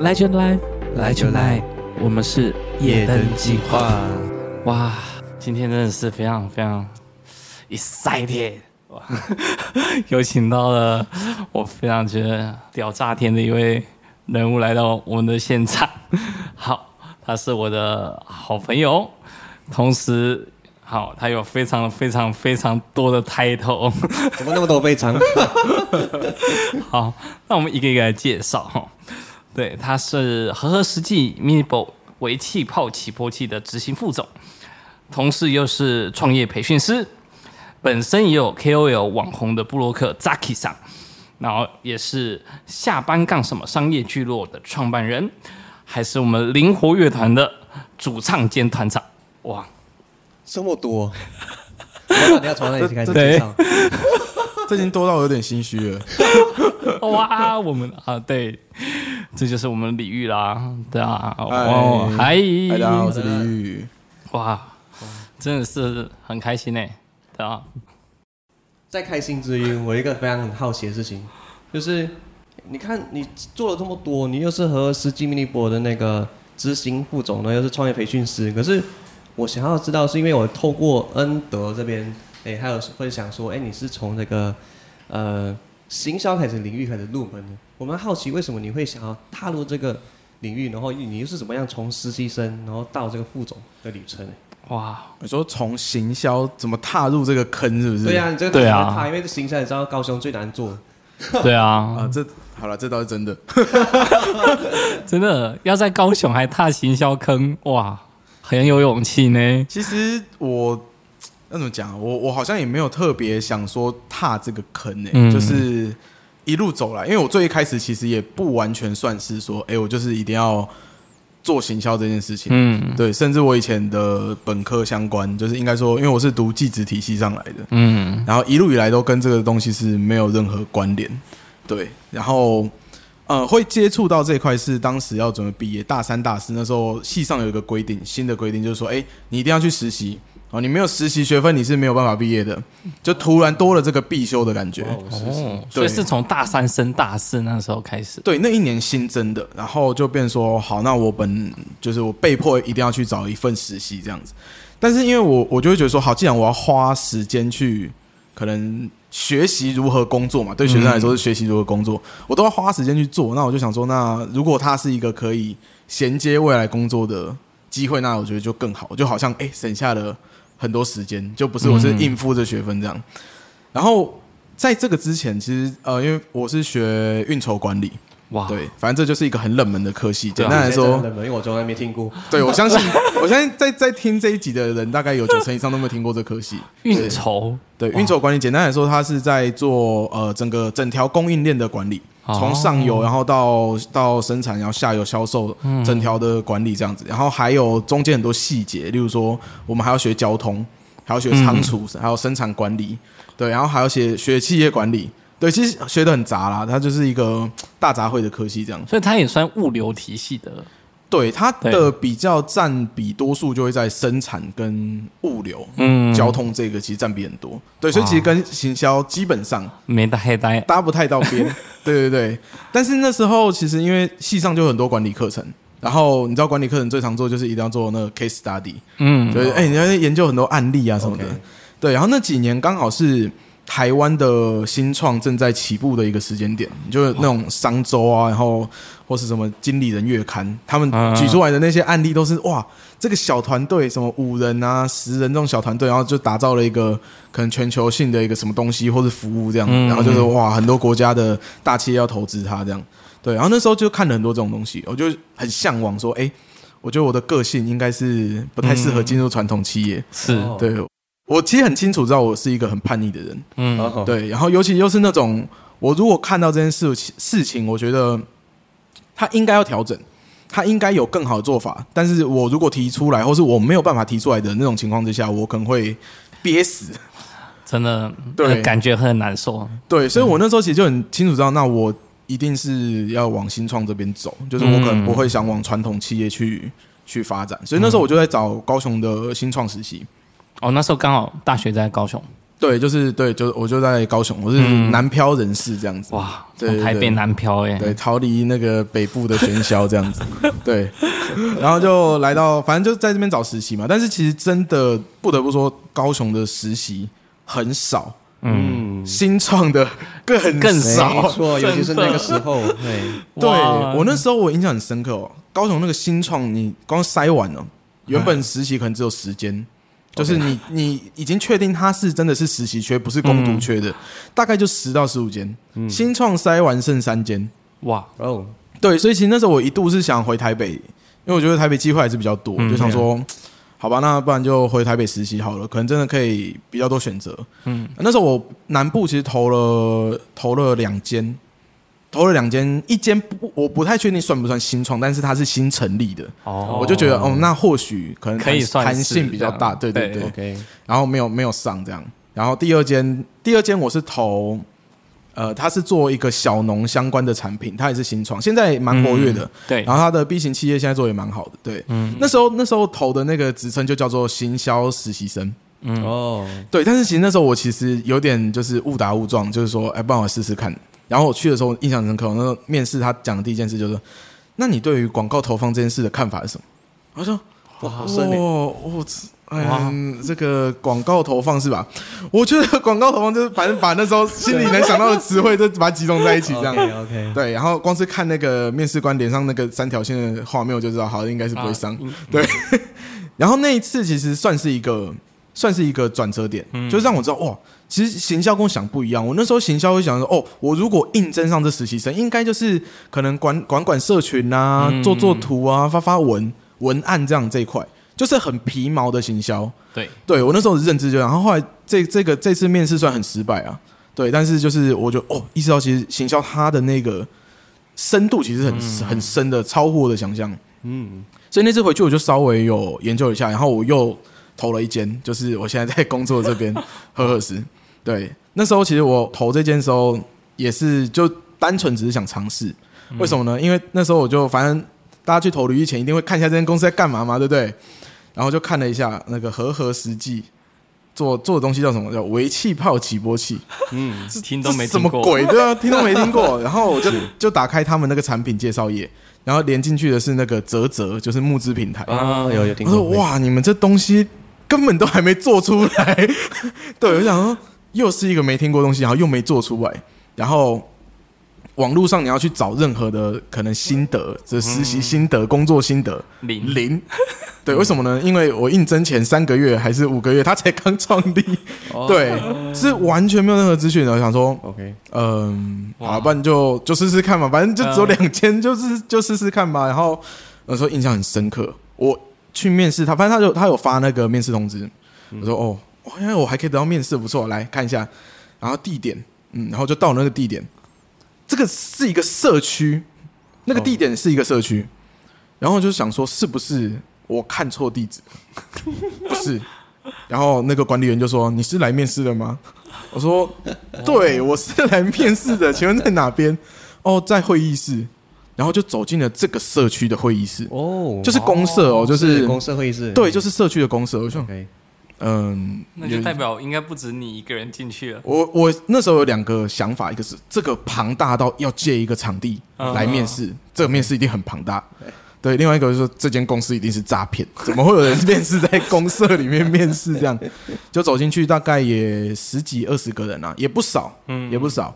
來就來，來就來，我們是夜燈計劃。哇，今天真的是非常非常 excited！哇，有請到了我非常覺得屌炸天的一位人物來到我們的現場。好，他是我的好朋友，同時，好，他有非常非常非常多的 title。怎麼那麼多非常？ 好，那我們一個一個來介紹哈。對，他是合合實際 minible 微氣泡起波器的執行副總，同時又是創業培訓師，本身也有 KOL 網紅的部落客 Zaki san 然後也是下班幹什麼商業聚落的創辦人，還是我們靈活樂團的主唱兼團長。哇，這麼多，我們 要從哪裡開始介紹？這已經多到我有點心虛了。 哇，我們啊，對。這就是我們李豫啦，對啊，嗨，大家好，我是李豫，哇，真的是很開心呢，欸，對啊，在開心之餘，我有一個非常很好奇的事情，就是你看你做了這麼多，你又是和世紀 minible 的那個執行副總呢，又，就是創業培訓師，可是我想要知道，是因為我透過恩德這邊，哎，還有分享說，哎，你是從那個呃。行銷還是領域開始入門呢？我們好奇為什麼你會想要踏入這個領域，然後你又是怎麼樣從實習生然後到這個副總的旅程，欸？哇，你說從行銷怎麼踏入這個坑，是不是？對啊，你這個怎麼踏？啊、因為這行銷你知道高雄最難做，對啊 啊，這好了，這倒是真的， 真的要在高雄還踏行銷坑，哇，很有勇氣呢。 其實我。那怎麼講、啊？我我好像也沒有特別想說踏這個坑呢、欸，嗯、就是一路走來。因為我最一開始其實也不完全算是說，哎、欸，我就是一定要做行銷這件事情。嗯，對，甚至我以前的本科相關，就是應該說，因為我是讀技職體系上來的，嗯，然後一路以來都跟這個東西是沒有任何關聯。對，然後呃，會接觸到這塊是當時要準備畢業大三、大四那時候，系上有一個規定，新的規定就是說，哎、欸，你一定要去實習。哦，你沒有實習學分，你是沒有辦法畢業的。就突然多了這個必修的感覺，哦，是是，對，所以是從大三升大四那時候開始。對，那一年新增的，然後就變說，好，那我本就是我被迫一定要去找一份實習這樣子。但是因為我我就會覺得說，好，既然我要花時間去可能學習如何工作嘛，對學生來說是學習如何工作，嗯、我都要花時間去做。那我就想說，那如果他是一個可以銜接未來工作的機會，那我覺得就更好，我就好像哎、欸，省下了。很多時間就不是，我是應付着學分這樣。嗯嗯。然後在這個之前，其實呃，因為我是學運籌管理，哇，對，反正這就是一個很冷門的科系。啊、簡單來說，冷門，因為我從來沒聽過。對，我相信，我相信在在聽這一集的人，大概有九成以上都沒有聽過這科系。運籌，對，運籌管理，簡單來說，它是在做呃整個整條供應鏈的管理。從上游然後到到生產，然後下游銷售，整條的管理這樣子，嗯，然後還有中間很多細節，例如說我們還要學交通，還要學倉儲，嗯，還有生產管理，對，然後還要學學企業管理，對，其實學得很雜啦，它就是一個大雜燴的科系這樣，所以它也算物流體系的。對，它的比較占比多數就會在生產跟物流，嗯對，交通這個其實占比很多。嗯、對，所以其實跟行銷基本上沒得黑搭，哇搭不太到邊。 對對對。但是那時候其實因為系上就很多管理課程，然後你知道管理課程最常做就是一定要做那個 case study，嗯，所以哎你要研究很多案例啊什麼的。Okay 對，然後那幾年剛好是。台灣的新創正在起步的一個時間點，就是那種商周啊，然後或是什麼經理人月刊，他們舉出來的那些案例都是哇，這個小團隊什麼五人啊、十人這種小團隊，然後就打造了一個可能全球性的一個什麼東西或是服務這樣，然後就是哇，很多國家的大企業要投資它這樣，對。然後那時候就看了很多這種東西，我就很向往說，哎、欸，我覺得我的個性應該是不太適合進入傳統企業，嗯、是對。我其實很清楚，知道我是一個很叛逆的人。嗯，對，然後尤其又是那種，我如果看到這件事事情，我覺得他應該要調整，他應該有更好的做法。但是我如果提出來，或是我沒有辦法提出來的那種情況之下，我可能會憋死，真的，對，感覺很難受。對，所以我那時候其實就很清楚知道，那我一定是要往新創這邊走，就是我可能不會想往傳統企業去、嗯、去發展。所以那時候我就在找高雄的新創實習。哦，那時候剛好大學在高雄，對，就是對，就我就在高雄，我是南漂人士這樣子、嗯、哇，台北南漂耶、欸，對，逃離那個北部的喧囂這樣子， 對，然後就來到，反正就在這邊找實習嘛。但是其實真的不得不說，高雄的實習很少，嗯，新創的更更少，沒錯，尤其是那個時候， 對，哇對我那時候我印象很深刻、哦，高雄那個新創你剛塞完了、哦，原本實習可能只有時間。嗯就是你，你已經確定他是真的是實習缺，不是工讀缺的，嗯、大概就十到十五間，嗯、新創塞完剩三間，哇哦，對，所以其實那時候我一度是想回台北，因為我覺得台北機會還是比較多，嗯、就想說，嗯、好吧，那不然就回台北實習好了，可能真的可以比較多選擇。嗯，那時候我南部其實投了投了兩間。投了兩間，一間不我不太確定算不算新創，但是它是新成立的，oh, 我就覺得、oh, 哦，那或許可能可以彈性比較大，對對對。Okay. 然後沒有沒有上這樣，然後第二間第二間我是投，呃，它是做一個小農相關的產品，它也是新創，現在蠻活躍的，嗯，對。然後它的 B 型企業現在做也蠻好的，對。嗯、那時候那時候投的那個職稱就叫做行銷實習生，哦、嗯，對。但是其實那時候我其實有點就是誤打誤撞，就是說哎，幫、欸、我試試看。然後我去的時候，印象深刻。那時候面試他講的第一件事就是：“那你對於廣告投放這件事的看法是什麼？”我說：“哇，我我、哦哦、嗯，嗯這個廣告投放是吧？我覺得廣告投放就是反正把那時候心裡能想到的詞彙就把它集中在一起，這樣對，對。然後光是看那個面試官臉上那個三條線的畫面，我就知道，好，應該是不會上、啊、對。嗯、然後那一次其實算是一個，算是一個轉折點，嗯、就是讓我知道，哇。”其實行銷跟我想不一樣，我那時候行銷會想說，哦，我如果應徵上這實習生，應該就是可能管管管社群啊，嗯、做做圖啊，發發文文案這樣這一塊，就是很皮毛的行銷。對，對我那時候的認知就，然後後來這這個這次面試算很失敗啊，對，但是就是我就哦，意識到其實行銷它的那個深度其實很、嗯、很深的，超乎我的想象。嗯，所以那次回去我就稍微有研究一下，然後我又投了一間，就是我現在在工作這邊赫赫斯。 呵呵時對，那時候其實我投這件時候也是就單純只是想嘗試，為什麼呢？因為那時候我就反正大家去投履歷前一定會看一下這間公司在幹嘛嘛，對不對？然後就看了一下那個和合，合實際做做的東西叫什麼，叫微氣泡起波器，嗯，是聽都沒聽過，什麼鬼，對啊，聽都沒聽過。然後就 是就打開他們那個產品介紹頁，然後連進去的是那個嘖嘖，就是募資平台啊，有有，有聽過我說沒哇，你們這東西根本都還沒做出來，對，我想說。又是一個沒聽過東西，然後又沒做出來，然後網絡上你要去找任何的可能心得，這、嗯、實習心得、嗯、工作心得，零零，對，嗯、為什麼呢？因為我應徵前三個月還是五個月，他才剛創立，哦、對，嗯、是完全沒有任何資訊的，我想說，OK，嗯，好、呃啊，不然就就試試看嘛，反正就只有兩千，嗯、就是就試試看吧。然後那時候印象很深刻，我去面試他，反正他就他有發那個面試通知，我說、嗯、哦。我因為我還可以得到面試，不錯，來看一下，然後地點，嗯，然後就到那個地點，這個是一個社區，那個地點是一個社區，oh. 然後就想說是不是我看錯地址？ 不是，然後那個管理員就說：“你是來面試的嗎？”我說：“ Okay. 對，我是來面試的，請問在哪邊？”哦、oh,，在會議室，然後就走進了這個社區的會議室，哦，oh. 就是公社哦，就是，是公社會議室，對，對就是社區的公社，我說可以。Okay. 嗯，那就代表應該不止你一個人進去了。我我那時候有兩個想法，一個是這個龐大到要借一個場地來面試，嗯、這個面試一定很龐大。對，另外一個就是說這間公司一定是詐騙，怎麼會有人面試在公社裡面面試？這樣就走進去，大概也十幾二十個人啊，也不少，嗯，也不少。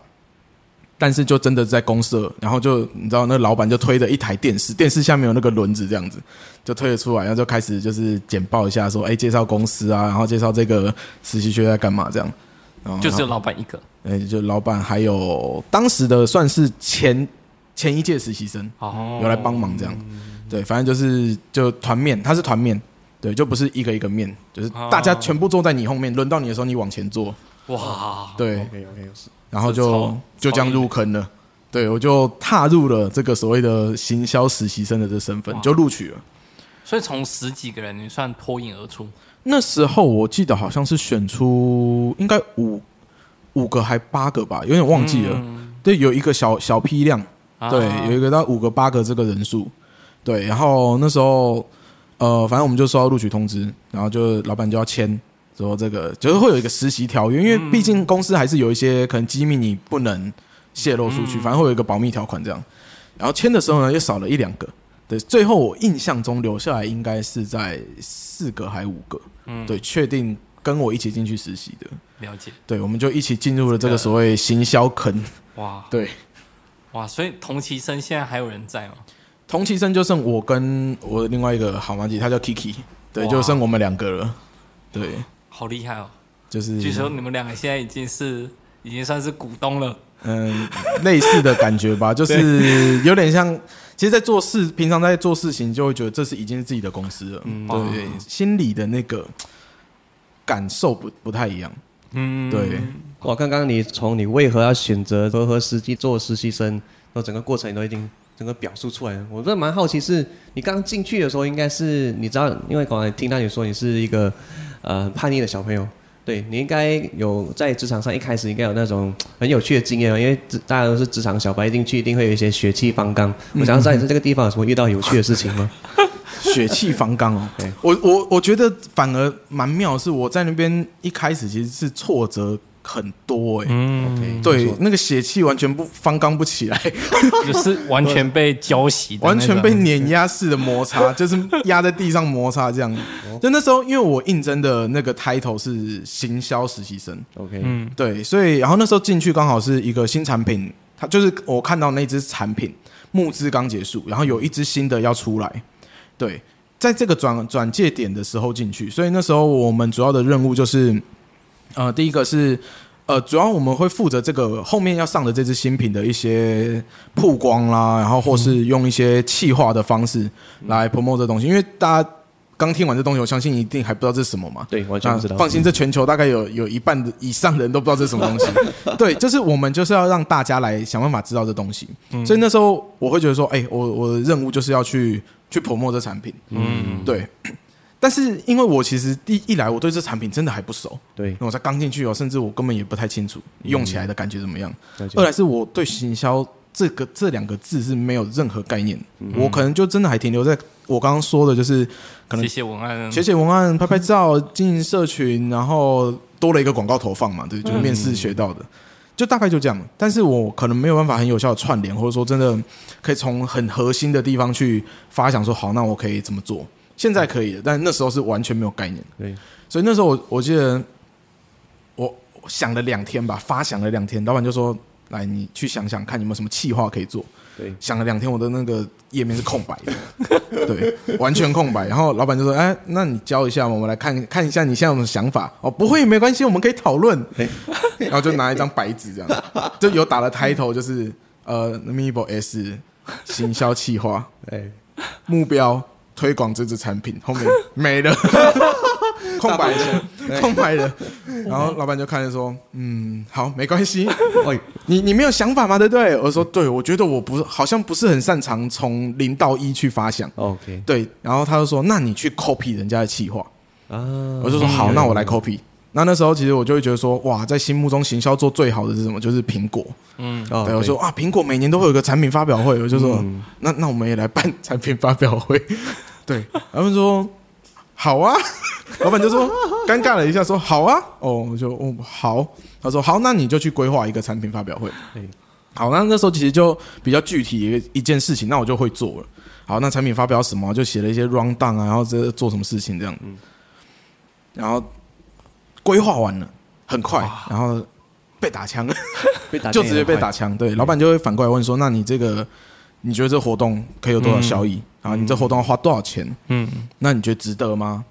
但是就真的在公社，然後就你知道那老闆就推着一台電視，電視下面有那個輪子這樣子，就推了出來，然後就開始就是簡報一下說，說哎，介紹公司啊，然後介紹這個實習生在幹嘛這樣，就只有老闆一個，哎就老闆還有當時的算是前前一屆實習生有來幫忙這樣，哦、對，反正就是就團面，他是團面對，就不是一個一個面，就是大家全部坐在你後面，哦、輪到你的時候你往前坐。哇，wow, 對，okay, okay, yes. 然後就這超就這樣入坑了，美對，我就踏入了這個所謂的行銷實習生的這個身份，Wow 就錄取了。所以從十幾個人你算脫穎而出。那時候我記得好像是選出應該五五個還八個吧，有點忘記了。嗯、對，有一個小小批量，啊、對，有一個到五個八個這個人數。對，然後那時候呃，反正我們就收到錄取通知，然後就老板就要簽。說這個就是會有一個實習條約，因為畢竟公司還是有一些可能機密，你不能洩露出去，反正會有一個保密條款這樣。然後簽的時候呢，又少了一兩個，對，最後我印象中留下來應該是在四個還是五個？嗯，對，確定跟我一起進去實習的，了解。對，我們就一起進入了這個所謂行銷坑。哇，對，哇，所以同期生現在還有人在嗎？同期生就剩我跟我的另外一個好麻吉，他叫 Kiki，對，就剩我們兩個了，對。好厲害哦！就是據說你們兩個現在已經是、嗯、已經算是股東了，嗯、呃，類似的感覺吧， 就是有點像。其實，在做事，平常在做事情，就會覺得這是已經是自己的公司了。嗯，對。對心裡的那個感受不不太一樣。嗯，對。哇，剛剛你從你為何要選擇德和實際做實習生，到整個過程你都已經整個表述出來了。我真的蠻好奇是，是你剛進去的時候應，應該是你知道，因為剛剛聽到你說你是一個。呃，叛逆的小朋友，對，你應該有在職場上一開始應該有那種很有趣的經驗，因為大家都是職場小白進去，一定會有一些血氣方剛。我想要知道你在這個地方有什麼遇到有趣的事情嗎？ 血氣方剛哦對，我我我覺得反而蠻妙，是我在那邊一開始其實是挫折。很多哎、欸，嗯，對，沒錯 那個血氣完全不方剛不起來， 就是完全被澆洗， 完全被碾壓式的摩擦， 就是壓在地上摩擦這樣。哦、就那時候，因為我應徵的那個 title 是行銷實習生，OK，嗯，對，所以然後那時候進去剛好是一個新產品，它就是我看到那支產品募資剛結束，然後有一支新的要出來，對，在這個轉轉借點的時候進去，所以那時候我們主要的任務就是。呃，第一個是，呃，主要我們會負責這個後面要上的這支新品的一些曝光啦，然後或是用一些氣化的方式來 promote 這東西，因為大家剛聽完這東西，我相信一定還不知道這是什麼嘛。對，完全不知道、啊。放心，這全球大概有有一半以上的人都不知道這是什麼東西。 對，就是我們就是要讓大家來想辦法知道這東西。所以那時候我會覺得說，哎、欸，我我的任務就是要去去 promote 這產品。嗯，對。但是因為我其實第一,一來我對這產品真的還不熟，對，那我才剛進去哦，甚至我根本也不太清楚用起來的感覺怎麼樣。嗯、二來是我對“行銷”這個、嗯、這兩個字是沒有任何概念，嗯、我可能就真的還停留在我剛剛說的，就是可能寫寫文案、寫寫文案、拍拍照、經營社群，然後多了一個廣告投放嘛，對，就是面試學到的，嗯、就大概就這樣。但是我可能沒有辦法很有效的串聯，嗯、或者說真的可以從很核心的地方去發想說，說好，那我可以怎麼做？現在可以了，但那時候是完全沒有概念的。對，所以那時候我我記得我，我想了兩天吧，發想了兩天。老闆就說：“來，你去想想看有沒有什麼企劃可以做。”對，想了兩天，我的那個頁面是空白的， 對，完全空白。然後老闆就說：“哎、欸，那你教一下我們來看看一下你現在有什麼想法哦，不會沒關係，我們可以討論。”然後就拿了一張白紙，這樣就有打了 title，就是呃，minible S 行銷企劃，哎對，目標。推廣這支產品，後面沒了， 空白的。對空白的。然後老闆就開始說：“嗯，好，沒關係。喂， 你你沒有想法嗎？對不對，對？”我說：“對，我覺得我不是，好像不是很擅長從零到一去發想。” OK，對。然後他就說：“那你去 copy 人家的企劃。”啊，我就說：“好，那我來 copy、mm。Hmm. ”那那時候其實我就會覺得說：“哇，在心目中行銷做最好的是什麼？就是蘋果。Mm ”嗯、hmm.，對。我說：“啊，蘋果每年都會有個產品發表會。”我就說：“ mm hmm. 那那我們也來辦產品發表會。”對，他們說好啊， 老闆就說尷尬了一下，說好啊，哦，就哦好，他說好，那你就去規劃一個產品發表會，好，那那時候其實就比較具體的一件事情，那我就會做了。好，那產品發表什麼就寫了一些 run down 啊，然後這做什麼事情這樣，嗯、然後規劃完了很快，哇然後被打槍， 被打槍 就直接被打槍，對，老闆就會反過來問說，欸、那你這個。你覺得這活動可以有多少效益？嗯，啊，你這活動要花多少錢？嗯，那你覺得值得嗎？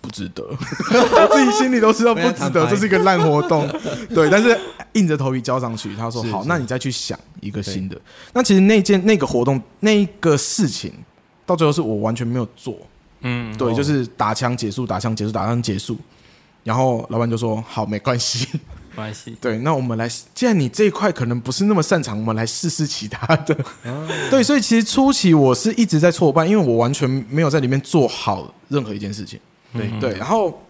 不值得， 我自己心裡都知道不值得，這是一個爛活動。對，但是硬着頭皮交上去。他說是是好，那你再去想一個新的。對那其實那件那個活動那一個事情，到最後是我完全沒有做。嗯，對，就是打槍結束，打槍結束，打槍結束。然後老板就說：“好，沒關係。”關係。對，那我們來，既然你這一塊可能不是那麼擅長，我們來試試其他的。 對，所以其實初期我是一直在挫敗，因為我完全沒有在裡面做好任何一件事情。對，嗯嗯，對，然後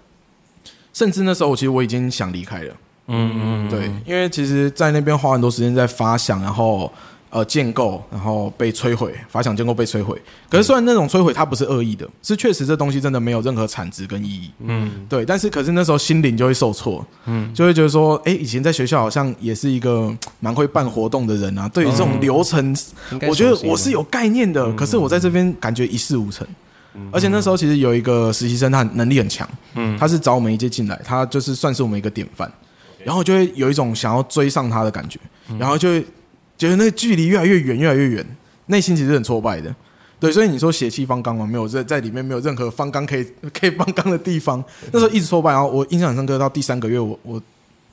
甚至那時候我其實我已經想離開了。嗯嗯，嗯嗯，對，因為其實，在那邊花很多時間在發想，然後。呃，建構然後被摧毀，發想建構被摧毀。可是雖然那種摧毀它不是惡意的，是確實這東西真的沒有任何產值跟意義。嗯，對。但是可是那時候心靈就會受挫，嗯，就會覺得說，哎、欸，以前在學校好像也是一個蠻會辦活動的人啊。對於這種流程，嗯、我覺得我是有概念的。嗯、可是我在這邊感覺一事無成。而且那時候其實有一個實習生，他能力很強，嗯，他是找我們一屆進來，他就是算是我們一個典範。嗯、然後就會有一種想要追上他的感覺，嗯、然後就會。覺得那個距離越來越遠，越來越遠，內心其實很挫敗的，對，所以你說血氣方剛嘛，沒有在在裡面沒有任何方剛可以可以方剛的地方，那時候一直挫敗。然後我印象很深刻，到第三個月我，我我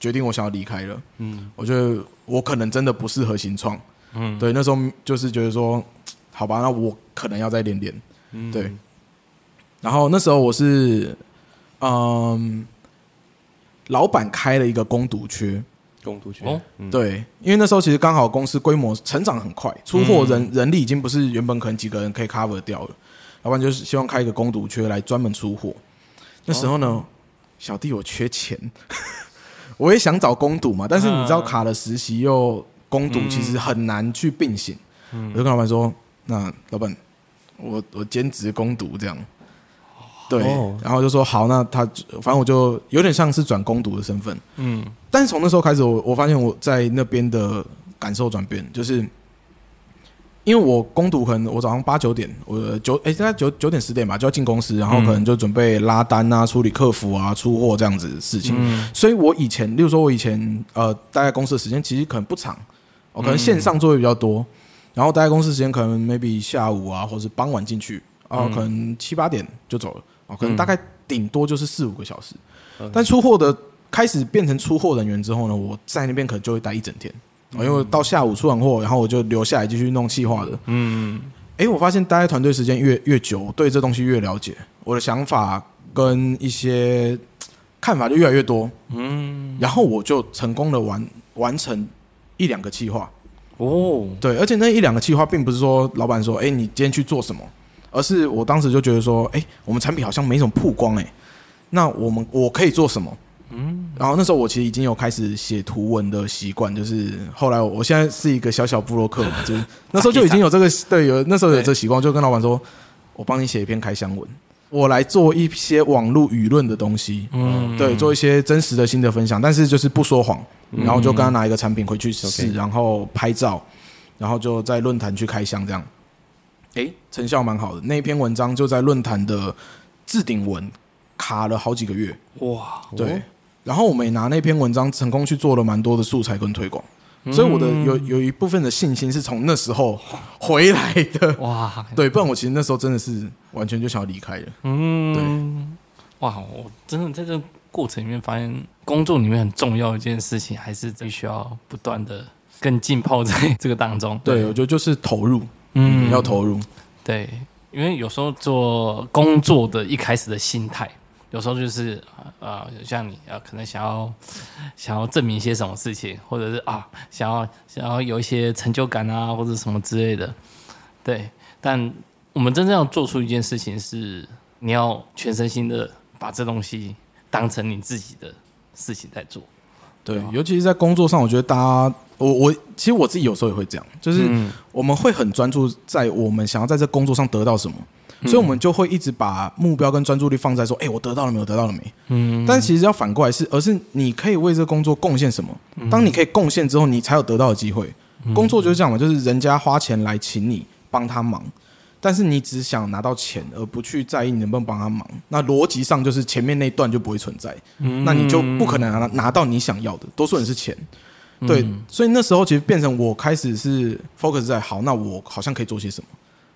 決定我想要離開了，嗯，我覺得我可能真的不適合新創，嗯，對，那時候就是覺得說，好吧，那我可能要再練練，嗯，對，然後那時候我是，嗯，老闆開了一個工讀缺。工讀缺，哦嗯、對，因為那時候其實剛好公司規模成長很快，出貨人、嗯、人力已經不是原本可能幾個人可以 cover 掉了，老闆就是希望開一個工讀缺來專門出貨。那時候呢，哦、小弟我缺錢， 我也想找工讀嘛，但是你知道卡了實習又工讀，其實很難去並行。嗯、我就跟老闆說：“那老闆，我我兼職工讀這樣。”對，oh. 然後就說好，那他反正我就有點像是轉工讀的身份，嗯，但是從那時候開始我，我我發現我在那邊的感受轉變，就是因為我工讀可能我早上八九點，我九哎、欸、大概九九點十點吧就要進公司，然後可能就準備拉單啊、處理客服啊、出貨這樣子的事情，嗯、所以我以前，例如說我以前呃待在公司的時間其實可能不長，我、呃、可能線上做的比較多，然後待在公司時間可能 maybe 下午啊或者是傍晚進去啊，可能七八點就走了。哦，可能大概頂多就是四五個小時，但出貨的開始變成出貨人員之後呢，我在那邊可能就會待一整天。哦，因為到下午出完貨，然後我就留下來繼續弄企劃的。嗯，哎，我發現待在團隊時間越越久，我對這東西越了解，我的想法跟一些看法就越來越多。嗯，然後我就成功的完完成一兩個企劃。哦，對，而且那一兩個企劃，並不是說老板說，哎，你今天去做什麼。而是我當時就覺得說，哎、欸，我們產品好像沒什麼曝光哎、欸，那我們我可以做什麼？嗯，然後那時候我其實已經有開始寫圖文的習慣，就是後來我，我現在是一個小小部落客嘛，就是那時候就已經有這個 對，有那時候有這個習慣，對就跟老板說，我幫你寫一篇開箱文，我來做一些網絡輿論的東西，嗯，對，做一些真實的新的分享，但是就是不說謊，然後就跟他拿一個產品回去試，嗯、然後拍照，然後就在論壇去開箱這樣。哎，成效蠻好的。那篇文章就在論壇的置頂文卡了好幾個月，哇！對，哦、然後我們也拿那篇文章成功去做了蠻多的素材跟推廣，嗯、所以我的有有一部分的信心是從那時候回來的，哇！對，不然我其實那時候真的是完全就想要離開了，嗯，對，哇！我真的在這個過程裡面發現，工作裡面很重要的一件事情，還是必須要不斷的更浸泡在這個當中，對，我覺得就是投入。嗯，要投入，對，因為有時候做工作的一開始的心態，有時候就是啊、呃，像你、呃、可能想要想要證明些什麼事情，或者是啊，想要想要有一些成就感啊，或者什麼之類的，對。但我們真正要做出一件事情是，是你要全身心的把這東西當成你自己的事情在做。對，尤其是在工作上，我覺得大家，我我其實我自己有時候也會這樣，就是我們會很專注在我們想要在這工作上得到什麼，嗯、所以我們就會一直把目標跟專注力放在說，哎、欸，我得到了沒有？得到了沒？嗯。但其實要反過來是，而是你可以為這工作貢獻什麼？當你可以貢獻之後，你才有得到的機會。工作就是這樣嘛，就是人家花錢來請你幫他忙。但是你只想拿到錢，而不去在意你能不能幫他忙，那邏輯上就是前面那一段就不會存在，那你就不可能拿到你想要的，多數人是錢。嗯、對，所以那時候其實變成我開始是 focus 在好，那我好像可以做些什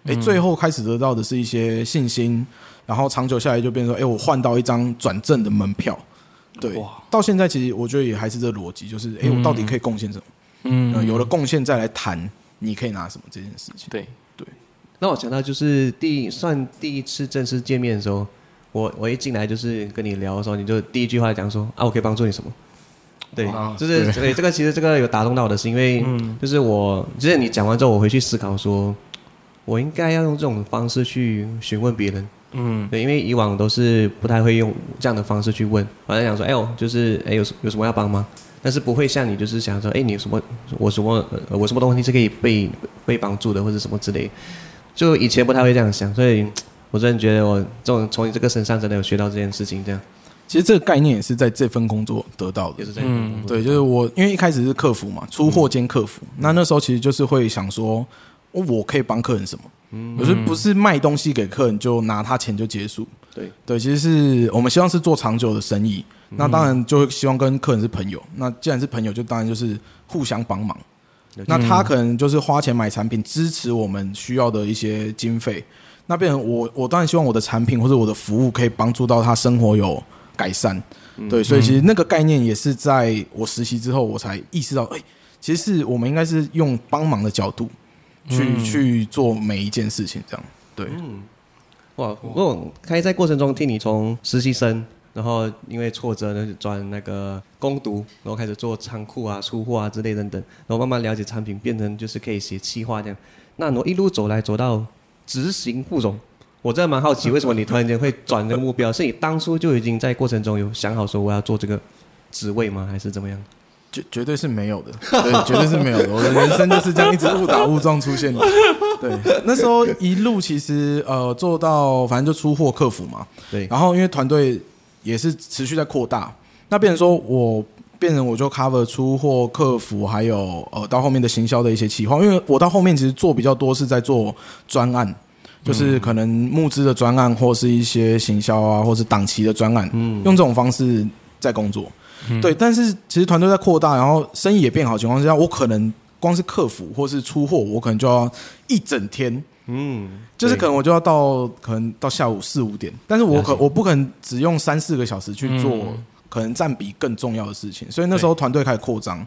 麼？哎，最後開始得到的是一些信心，然後長久下來就變成說，哎，我換到一張轉正的門票。對，到現在其實我覺得也還是這邏輯，就是哎、欸，我到底可以貢獻什麼？嗯，嗯、有了貢獻再來談你可以拿什麼這件事情。嗯嗯、對。那我想到就是第算第一次正式見面的時候，我我一進來就是跟你聊的時候，你就第一句話講說啊，我可以幫助你什麼？對，哇就是對，對這個其實這個有打動到我的是，是因為就是我就是、嗯、你講完之後，我回去思考說，我應該要用這種方式去詢問別人。嗯，對，因為以往都是不太會用這樣的方式去問，反而想說哎呦，就是哎有有什麼要幫忙？但是不會像你就是想說哎，你有什麼我什麼、呃、我什麼東西是可以被被幫助的或者什麼之類。就以前不太會這樣想，所以我真的覺得我從從你這個身上真的有學到這件事情。這樣，其實這個概念也是在這份工作得到的。也是這樣、嗯。對，就是我因為一開始是客服嘛，出貨兼客服。嗯、那那時候其實就是會想說，我可以幫客人什麼？嗯，就是不是賣東西給客人就拿他錢就結束。嗯、對對，其實是我們希望是做長久的生意。嗯、那當然就會希望跟客人是朋友。那既然是朋友，就當然就是互相幫忙。那他可能就是花錢買產品支持我們需要的一些經費，嗯、那變成我我當然希望我的產品或者我的服務可以幫助到他生活有改善，嗯、哼對，所以其實那個概念也是在我實習之後我才意識到，欸、其實是我們應該是用幫忙的角度去、嗯、去做每一件事情這樣，對，嗯，哇，不過可以在過程中替你從實習生。然後因為挫折呢，就轉那個工讀，然後開始做倉庫啊、出貨啊之類的等等，然後慢慢了解產品，變成就是可以寫企劃這樣。那我一路走來走到執行副總，我真的蠻好奇，為什麼你突然間會轉這個目標？ 是你當初就已經在過程中有想好說我要做這個職位嗎？還是怎麼樣？絕絕對是沒有的，對，絕對是沒有的。我的人生就是這樣，一直誤打誤撞出現的。對，那時候一路其實呃做到反正就出貨客服嘛，對，然後因為團隊。也是持續在擴大。那變成說我變成我就 cover 出貨客服，還有呃到後面的行銷的一些企劃。因為我到後面其實做比較多是在做專案，嗯、就是可能募資的專案，或是一些行銷啊，或是檔期的專案，嗯、用這種方式在工作。嗯、對，但是其實團隊在擴大，然後生意也變好情況下，我可能光是客服或是出貨，我可能就要一整天。嗯，就是可能我就要到可能到下午四五點，但是我可是我不可能只用三四個小時去做可能占比更重要的事情，嗯、所以那時候團隊開始擴張，對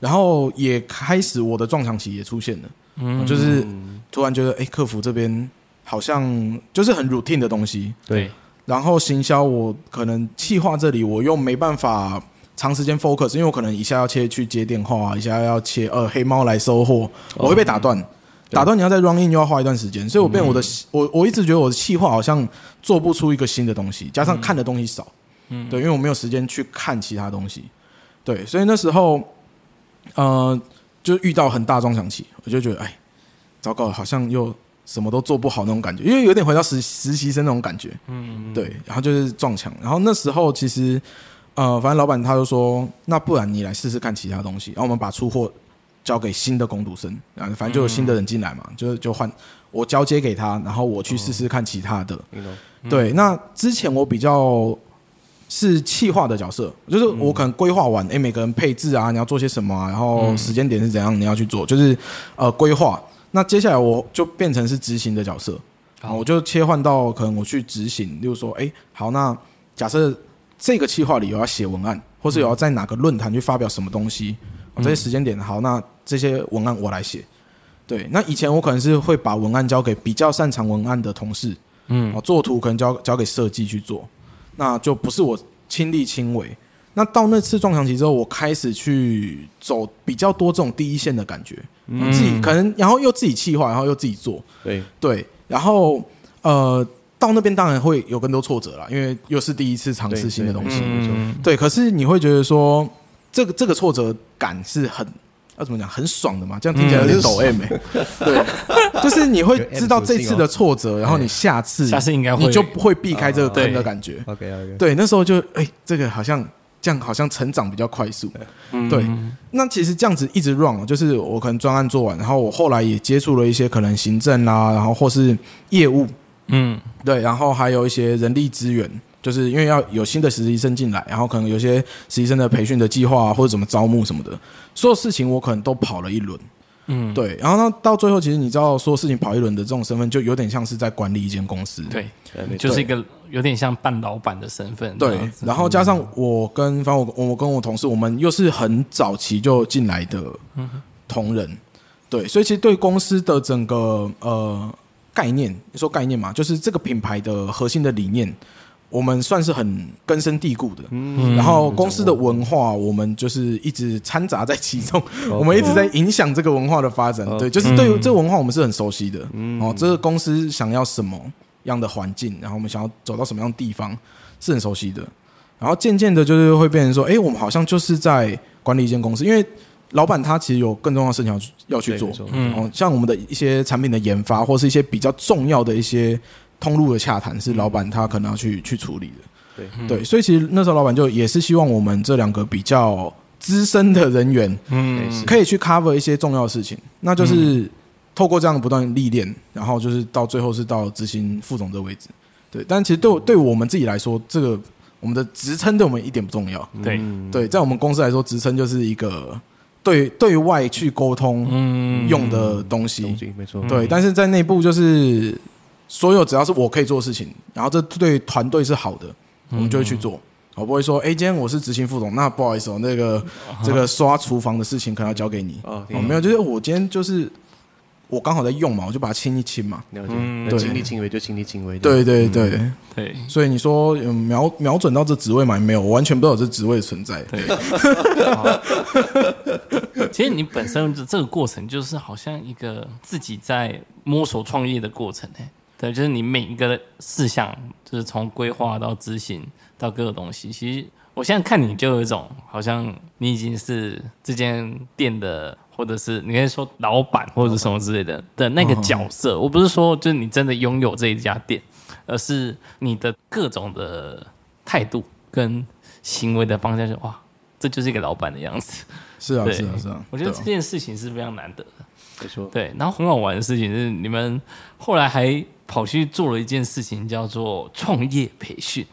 然後也開始我的撞牆期也出現了，嗯、就是突然覺得哎、欸，客服這邊好像就是很 routine 的東西，對，然後行銷我可能企劃這裡我又沒辦法長時間 focus，因為我可能一下要切去接電話、啊，一下要切呃黑貓來收貨，我會被打斷。哦嗯對 打斷你要再 running 又要花一段時間，所以我變我的嗯嗯我我一直覺得我的企劃好像做不出一個新的東西，加上看的東西少，嗯，嗯，對，因為我沒有時間去看其他東西，對，所以那時候，呃，就遇到很大撞牆期，我就覺得哎，糟糕，好像又什麼都做不好那種感覺，因為有點回到實實習生那種感覺，嗯嗯，對，然後就是撞牆，然後那時候其實，呃，反正老闆他就說，那不然你來試試看其他東西，然後我們把出貨。交給新的工讀生啊，反正就有新的人進來嘛，嗯、就是就換我交接給他，然後我去試試看其他的。嗯、對，那之前我比較是企劃的角色，就是我可能規劃完，誒、嗯欸，每個人配置啊，你要做些什麼、啊，然後時間點是怎樣，你要去做，就是呃規劃。那接下來我就變成是執行的角色，然後我就切換到可能我去執行，就是說，哎、欸，好，那假設這個企劃裡有要寫文案，或是有要在哪個論壇去發表什麼東西，這些時間點，好那。這些文案我來寫，對，那以前我可能是會把文案交給比較擅長文案的同事，嗯，做圖可能交交給設計去做，那就不是我親力親為。那到那次撞牆期之後，我開始去走比較多這種第一線的感覺，嗯，自己可能，然後又自己企劃，然後又自己做，對對，然後呃，到那邊當然會有更多挫折了，因為又是第一次嘗試新的東西，對，可是你會覺得說，這個這個挫折感是很。要、啊、怎麼講？很爽的嘛，這樣聽起來有、就、點、是嗯、抖 M 哎、欸， 對，就是你會知道這次的挫折，然後你下次下次應該你就不會避開這個坑的感覺。哦、OK OK，對，那時候就哎、欸，這個好像這樣好像成長比較快速，對，嗯、對。那其實這樣子一直 run，就是我可能專案做完，然後我後來也接觸了一些可能行政啊，然後或是業務，嗯，對，然後還有一些人力資源。就是因為要有新的實習生進來，然後可能有些實習生的培訓的計劃、啊、或者怎麼招募什麼的，所有事情我可能都跑了一輪。嗯，對。然後到到最後，其實你知道，說事情跑一輪的這種身份，就有點像是在管理一間公司。對，對對，就是一個有點像半老板的身份。對。對，然後加上我跟反正我我跟我同事，我們又是很早期就進來的同仁。嗯、哼對，所以其實對公司的整個呃概念，說概念嘛，就是這個品牌的核心的理念。我們算是很根深蒂固的，嗯，然後公司的文化，我們就是一直摻雜在其中，嗯、 我們一直在影響這個文化的發展，嗯、對，就是對於這個文化，我們是很熟悉的，嗯，哦，這個公司想要什麼樣的環境，然後我們想要走到什麼樣的地方，是很熟悉的，然後漸漸的，就是會變成說，哎、欸，我們好像就是在管理一間公司，因為老板他其實有更重要的事情要要去做，嗯，像我們的一些產品的研發，或是一些比較重要的一些。通路的洽談是老闆他可能要去去處理的，對對，所以其實那時候老闆就也是希望我們這兩個比較資深的人員，嗯，可以去 cover 一些重要的事情。那就是透過這樣的不斷歷練，嗯、然後就是到最後是到執行副總的位置，對。但其實對我、嗯、對我們自己來說，這個我們的職稱對我們一點不重要，對、嗯、對，在我們公司來說，職稱就是一個對對外去溝通用的東西，嗯、東西沒錯。對，嗯、但是在內部就是。所有只要是我可以做的事情，然後這對團隊是好的，我們就會去做。嗯、我不會說，哎，今天我是執行副總，那不好意思、哦，那個、哦、這個刷廚房的事情可能要交給你哦，哦，哦。沒有，就是我今天就是我剛好在用嘛，我就把它清一清嘛。嗯解，親對力親為，就親力親為。對，對對對對。嗯、對，所以你說、嗯、瞄瞄準到這職位嗎？沒有，我完全不知道這職位的存在。其實你本身這這個過程，就是好像一個自己在摸索創業的過程哎、欸。對，就是你每一個事項，就是從規劃到執行到各個東西，其實我現在看你就有一種好像你已經是這間店的，或者是你可以說老板或者什麼之類的闆的那個角色。我不是說就是你真的擁有這一家店，而是你的各種的態度跟行為的方向是哇，這就是一個老板的樣子。是啊，對是啊，是啊，是啊。我覺得這件事情是非常難得的。沒錯說。對，然後很好玩的事情是你們後來還。跑去做了一件事情，叫做創業培訓。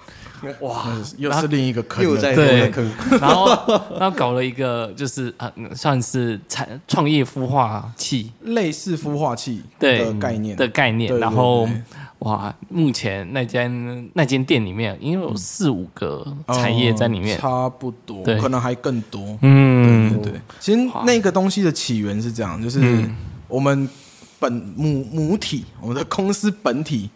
哇又，又是另一個坑，後又在另一個坑。然後他搞了一個，就是、呃、算是產創業孵化器，類似孵化器的概念對的概念。然後，對對對哇，目前那間那間店裡面，因為有四五個產業在裡面，嗯嗯、差不多，對可能還更多。嗯，對，對對。其實那個東西的起源是這樣，就是我們。本母母體，我們的公司本體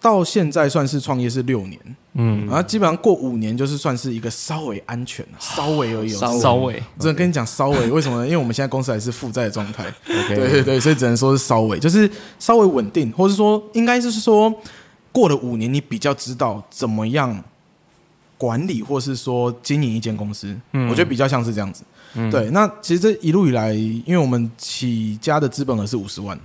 到現在算是創業是六年，嗯，然後基本上過五年就是算是一個稍微安全，稍微而已，稍微。只能跟你講稍微，Okay. 為什麼呢？因為我們現在公司還是負債的狀態，Okay. 對對對，所以只能說是稍微，就是稍微穩定，或是說應該就是說過了五年，你比較知道怎麼樣管理，或是說經營一間公司，嗯，我覺得比較像是這樣子。嗯、對，那其實這一路以來，因為我們起家的資本額是五十萬，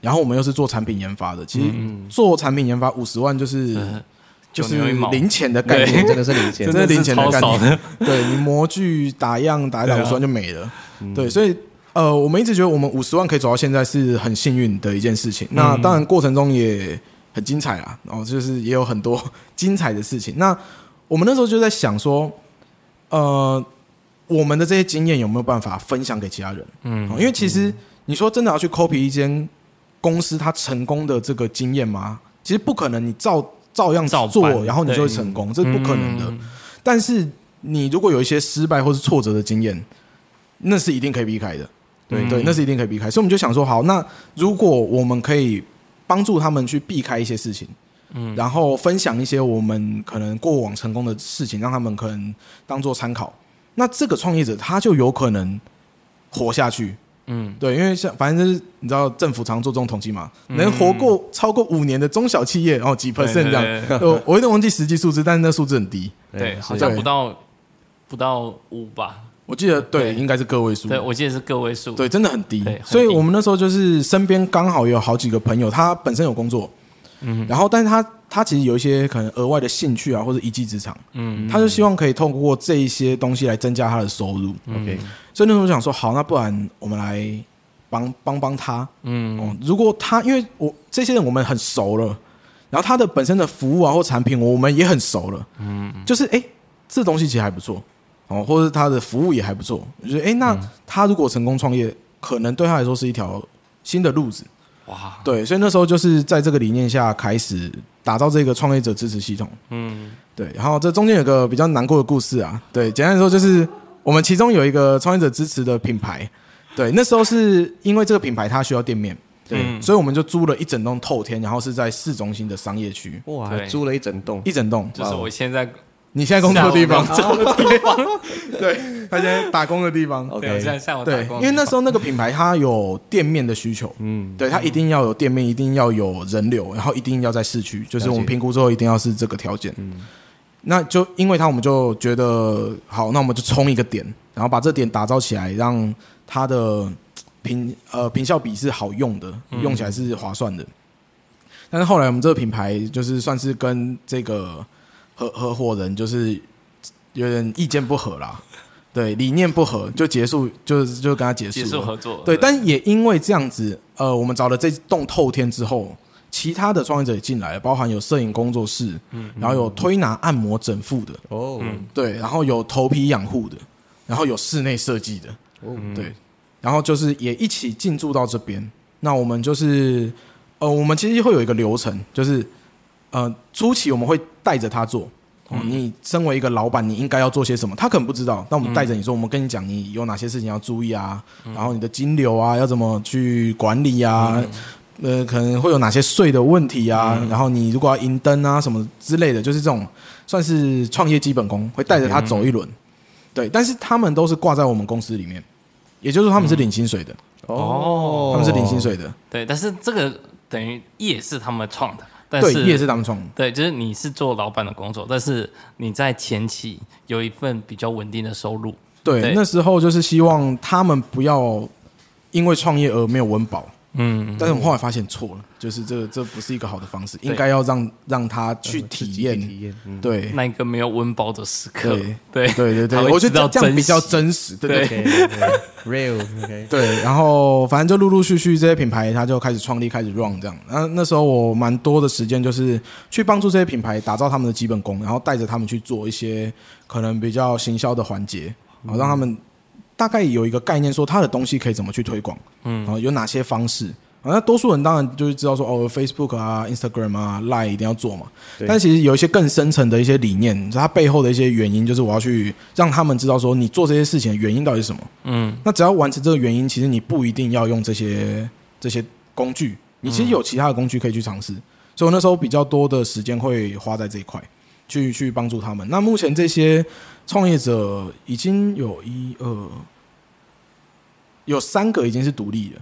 然後我們又是做產品研發的，其實做產品研發五十萬就是嗯嗯就是零錢的概念，嗯嗯真的是零錢，對，真的是零錢的概念。是的對，你模具打樣打一打五十萬就沒了，嗯、對，所以呃，我們一直覺得我們五十萬可以走到現在是很幸運的一件事情。嗯、那當然過程中也很精彩啊，然後、呃、就是也有很多 精彩的事情。那我們那時候就在想說，呃。我們的這些經驗有沒有辦法分享給其他人？嗯，因為其實你說真的要去 copy 一間公司，他成功的這個經驗嗎？其實不可能，你照照樣做，辦然後你就會成功，對這是不可能的。嗯、但是你如果有一些失敗或是挫折的經驗，那是一定可以避開的。對、嗯、對，那是一定可以避開。所以我們就想說，好，那如果我們可以幫助他們去避開一些事情，嗯，然後分享一些我們可能過往成功的事情，讓他們可能當做參考。那這個創業者他就有可能活下去，嗯，對，因為像反正就是你知道政府常做這種統計嘛，能活過超過五年的中小企業，然後幾 percent 這樣，我我有點忘記實際數字，但是那數字很低，對，好像不到不到五吧，我記得對，應該是個位數，對我記得是個位數，對，真的很低，所以我們那時候就是身邊剛好也有好幾個朋友，他本身有工作。嗯、然後，但是他他其實有一些可能額外的興趣啊，或者一技之長，嗯，嗯，他就希望可以透過這一些東西來增加他的收入，OK。所以那時候我想說，好，那不然我們來幫幫幫他，嗯、哦，如果他因為我這些人我們很熟了，然後他的本身的服務啊或產品我們也很熟了，嗯，嗯就是哎，這東西其實還不錯哦，或者他的服務也還不錯，我覺得哎，那他如果成功創業，嗯、可能對他來說是一條新的路子。哇，對，所以那時候就是在這個理念下開始打造這個創業者支持系統。嗯，對，然後這中間有個比較難過的故事啊，對，簡單來說就是我們其中有一個創業者支持的品牌，對，那時候是因為這個品牌它需要店面，對，嗯、所以我們就租了一整棟透天，然後是在市中心的商業區，哇、欸，租了一整棟，一整棟，就是我現在。你現在工作的地方，啊，啊，對, 對，他現在打工的地方，現在 Okay, 對因為那時候那個品牌它有店面的需求，嗯，對，它一定要有店面，嗯，一定要有人流，然後一定要在市區，就是我們評估之後一定要是這個條件，嗯解，那就因為它我們就覺得好，那我們就衝一個點，然後把這點打造起來，讓它的坪呃坪效比是好用的，嗯，用起來是划算的，但是後來我們這個品牌就是算是跟這個。合合夥人就是有點意見不合啦，對，理念不合就結束，就就跟他結束，結束合作。對，對但也因為這樣子，呃，我們找了這棟透天之後，其他的創業者也進來了，包含有攝影工作室，嗯，然後有推拿按摩整復的，哦、嗯，嗯、對，然後有頭皮養護的，然後有室內設計的，嗯、對，然後就是也一起進駐到這邊。那我們就是，呃，我們其實會有一個流程，就是呃，初期我們會。帶着他做，你身為一個老闆，你應該要做些什麼？他可能不知道，但我們帶着你說，我們跟你講，你有哪些事情要注意啊？然後你的金流啊，要怎麼去管理啊？呃，可能會有哪些稅的問題啊？然後你如果要營登啊什麼之類的，就是這種算是創業基本功，會帶着他走一輪。對，但是他們都是掛在我們公司裡面，也就是說他們是領薪水的哦，他們是領薪水的。哦、對，但是這個等於也是他們創的。但是對，你也是當創。對，就是你是做老闆的工作，但是你在前期有一份比較穩定的收入。對，對，那時候就是希望他們不要因為創業而沒有溫飽。嗯，但是我們後來發現錯了，就是這這不是一個好的方式，對應該要讓讓他去體驗、嗯、體驗，嗯、對，那一個沒有溫飽的時刻，對對，對對對，我覺得這樣比較真實，對，對對對 okay, okay,，real，okay 對，然後反正就陸陸續續這些品牌，他就開始創立，開始 run 這樣，那那時候我蠻多的時間就是去幫助這些品牌打造他們的基本功，然後帶着他們去做一些可能比較行銷的環節，嗯、好讓他們。大概有一個概念，說他的東西可以怎麼去推廣，嗯，然後有哪些方式？那多數人當然就是知道說，哦，Facebook 啊、Instagram 啊、Line 一定要做嘛。對但其實有一些更深層的一些理念，它背後的一些原因，就是我要去讓他們知道說，你做這些事情的原因到底是什麼。嗯，那只要完成這個原因，其實你不一定要用這些這些工具，你其實有其他的工具可以去嘗試。所以我那時候比較多的時間會花在這一塊。去去幫助他們。那目前這些創業者已經有一二，有三個已經是獨立了。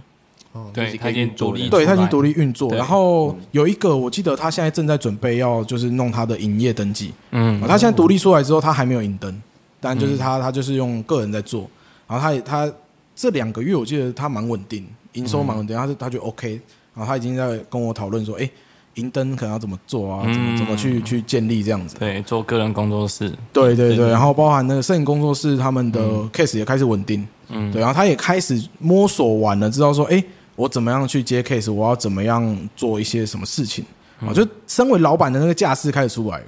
哦對，對他已經獨立，對他已經獨立運作。然後有一個，我記得他現在正在準備要就是弄他的營業登記。嗯對，他現在獨對立出來之後，他還沒有營登，對但就是他對他就是用個人在做。然後他也他這兩個月我記得他蠻穩定，營收蠻穩定，他是對他就他 OK。然後他已經在跟我討論說，哎、欸。銀燈可能要怎麼做啊、嗯？怎麼怎麼去去建立這樣子？對，做個人工作室。對對對，對然後包含那個攝影工作室，他們的 case 也開始穩定嗯。嗯，對，然後他也開始摸索完了，知道說，哎、欸，我怎麼樣去接 case，我要怎麼樣做一些什麼事情啊？就身為老闆的那個架勢開始出來了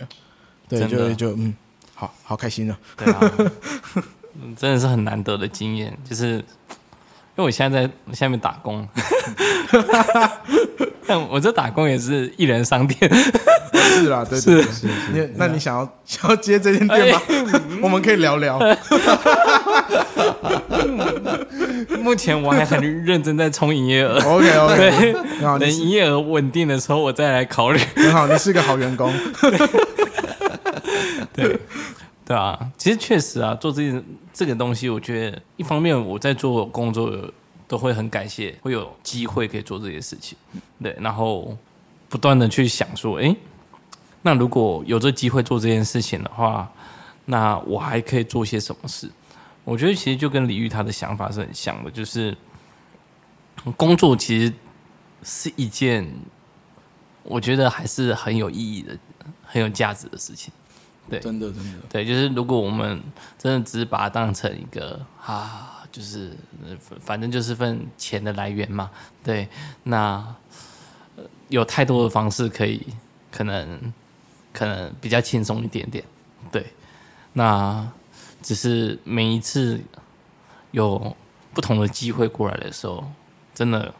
對的。對，就就嗯，好好開心了。對啊 真的是很難得的經驗，就是。因為我現在在下面打工， 但我這打工也是一人商店， 是啊是，是是是。那那你想要想要接這間店嗎？哎、我們可以聊聊、 嗯。目前我還很認真在衝營業額 ，OK OK 對、嗯。你好，等營業額穩定的時候，我再來考慮。你好，你是個好員工。 對對，對啊，其實確實啊，做這些。這個東西，我覺得一方面我在做工作都會很感謝，會有機會可以做這些事情，對。然後不斷的去想說，誒，那如果有這機會做這件事情的話，那我還可以做些什麼事？我覺得其實就跟李豫他的想法是很像的，就是工作其實是一件我覺得還是很有意義的、很有價值的事情。對，真的，真的，對，就是如果我們真的只是把它當成一個啊，就是反正就是份錢的來源嘛，對，那有太多的方式可以，可能，可能比較輕鬆一點點，對，那只是每一次有不同的機會過來的時候，真的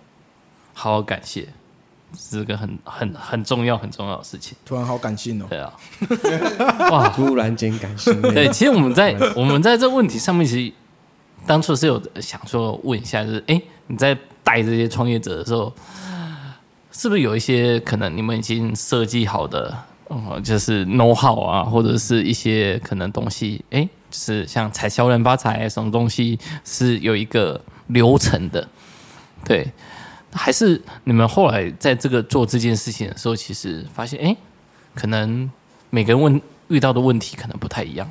好好感謝。是個很很很重要很重要的事情。突然好感性哦。對啊， 哇，突然間感性。 對，其實我們在然我們在這問題上面，其實當初是有想說問一下，就是誒，你在帶這些創業者的時候，是不是有一些可能你們已經設計好的，嗯、就是 know-how 啊，或者是一些可能東西，誒，就是像財神人發財什麼東西是有一個流程的，嗯、對。還是你們後來在這個做這件事情的時候，其實發現哎，可能每個人問遇到的問題可能不太一樣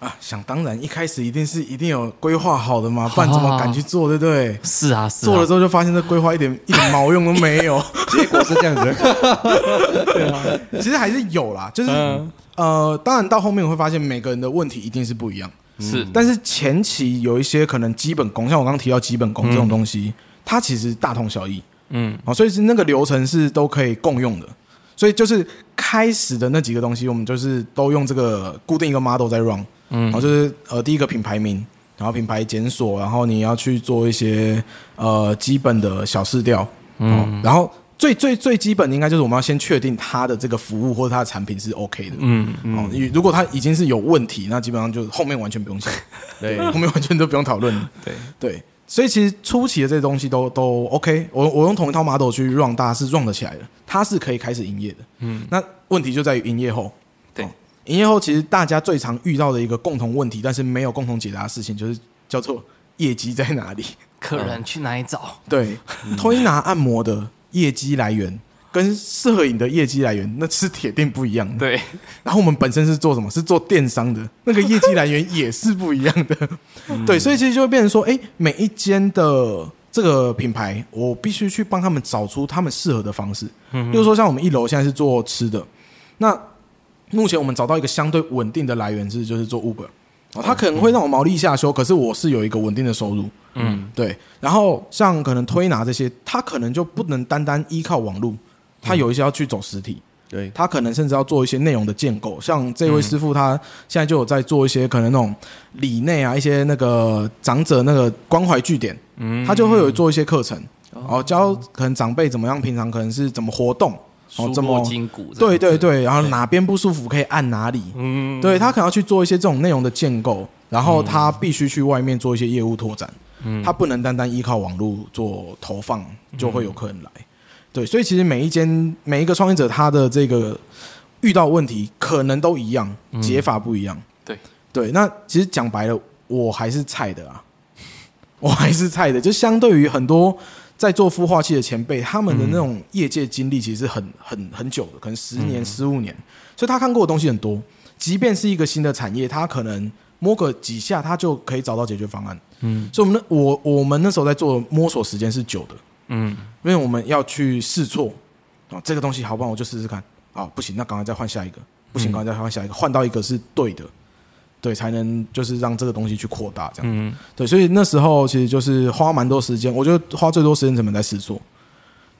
啊。想當然，一開始一定是一定有規劃好的嘛，好啊好啊，不然怎麼敢去做，對不對？是啊，是啊。做了之後就發現這規劃一點一點毛用都沒有， 結果是這樣子。對啊，其實還是有啦，就是、嗯、呃，當然到後面會發現每個人的問題一定是不一樣，是、嗯。但是前期有一些可能基本功，像我剛剛提到基本功這種東西。嗯它其實大同小異，嗯、哦，所以是那個流程是都可以共用的。所以就是開始的那幾個東西，我們就是都用這個固定一個 model 在 run，嗯，然後、哦、就是呃第一個品牌名，然後品牌檢索，然後你要去做一些呃基本的小市調。嗯、哦，然後最最最基本的應該就是我們要先確定它的這個服務或者它的產品是 OK 的，嗯嗯、哦，如果它已經是有問題，那基本上就後面完全不用想，對，對後面完全都不用討論，對對。對所以其實初期的這些東西都都 OK，我我用同一套 model 去 run，大家是 run 得起來的，它是可以開始營業的。嗯，那問題就在於營業後，對、嗯，營業後其實大家最常遇到的一個共同問題，但是沒有共同解答的事情，就是叫做業績在哪裡，客人去哪裡找？嗯、對，嗯、推拿按摩的業績來源。跟攝影的業績來源那是鐵定不一樣，對，然後我們本身是做什麼？是做電商的，那個業績來源也是不一樣的。 對，所以其實就會變成說，哎，每一間的這個品牌，我必須去幫他們找出他們適合的方式。嗯哼。比如說，像我們一樓現在是做吃的，那目前我們找到一個相對穩定的來源是，就是做 Uber。哦。它可能會讓我毛利下修，嗯、可是我是有一個穩定的收入。嗯，嗯。對。然後像可能推拿這些，它可能就不能單單依靠網絡。嗯、他有一些要去走實體，對他可能甚至要做一些內容的建構。像這位師傅，他現在就有在做一些可能那種里內啊一些那個長者那個關懷據點嗯，嗯，他就會有做一些課程，嗯嗯、然後教可能長輩怎麼樣，平常可能是怎麼活動，舒摩筋骨麼，對對對，然後哪邊不舒服可以按哪裡，嗯，嗯對他可能要去做一些這種內容的建構，然後他必須去外面做一些業務拓展，嗯，他不能單單依靠網絡做投放、嗯、就會有客人來。對，所以其實每一間每一個創業者，他的這個遇到問題可能都一樣，解法不一樣。嗯、對對，那其實講白了，我還是菜的啊，我還是菜的。就相對於很多在做孵化器的前輩，他們的那種業界經歷其實很很很久的，可能十年、嗯、十五年，所以他看過的東西很多。即便是一個新的產業，他可能摸個幾下，他就可以找到解決方案。嗯，所以我們那我我們那時候在做摸索時間是久的。嗯，因為我們要去試錯啊，這個東西好，不然我就試試看啊，不行，那趕快再換下一個，嗯、不行，趕快再換下一個，換到一個是對的，對，才能就是讓這個東西去擴大這樣。嗯，對，所以那時候其實就是花蠻多時間，我覺得花最多時間怎麼來試錯，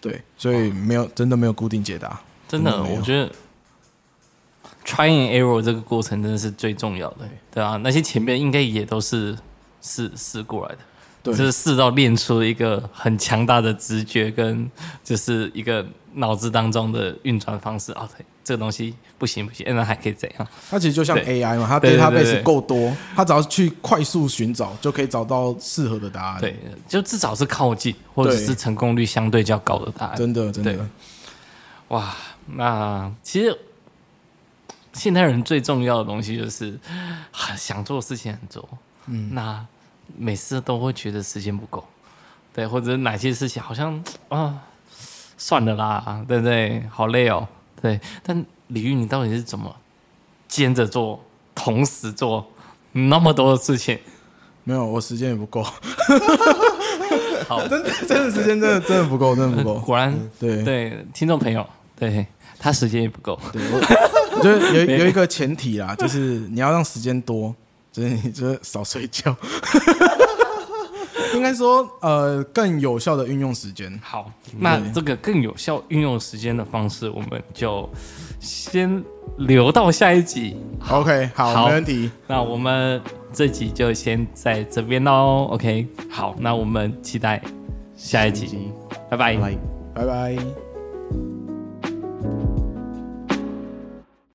對，所以沒有、啊、真的沒有固定解答，真的，有我覺得 trying and error 這個過程真的是最重要的，對，對啊，那些前面應該也都是試試過來的。對就是四道練出一個很強大的直覺，跟就是一個腦子當中的運轉方式啊、哦！對，這個東西不行不行，欸、那還可以怎樣？它其實就像 AI 嘛，對它 database 夠多，對對對對，它只要去快速尋找，就可以找到適合的答案。對，就至少是靠近，或者是成功率相對較高的答案。對，真的真的對，哇！那其實現代人最重要的東西就是、啊、想做的事情很多，嗯，那。每次都會覺得時間不夠，對，或者哪些事情好像啊，算了啦，對不對？好累哦，對。但李豫，你到底是怎麼兼着做，同時做那麼多的事情？沒有，我時間也不夠。 好， 真的真的時間真的真的不夠，真的不夠。果然，嗯、對對，聽眾朋友，對他時間也不夠。 對我,我覺得有有一個前提啦，就是你要讓時間多。就是你，就是少睡覺。 應該說，呃，更有效的運用時間。好，對那這個更有效運用時間的方式，我們就先留到下一集。好 OK，好，好好沒問題。那我們這集就先在這邊嘍。OK，好，那我們期待下一集。集，拜拜，拜拜。拜拜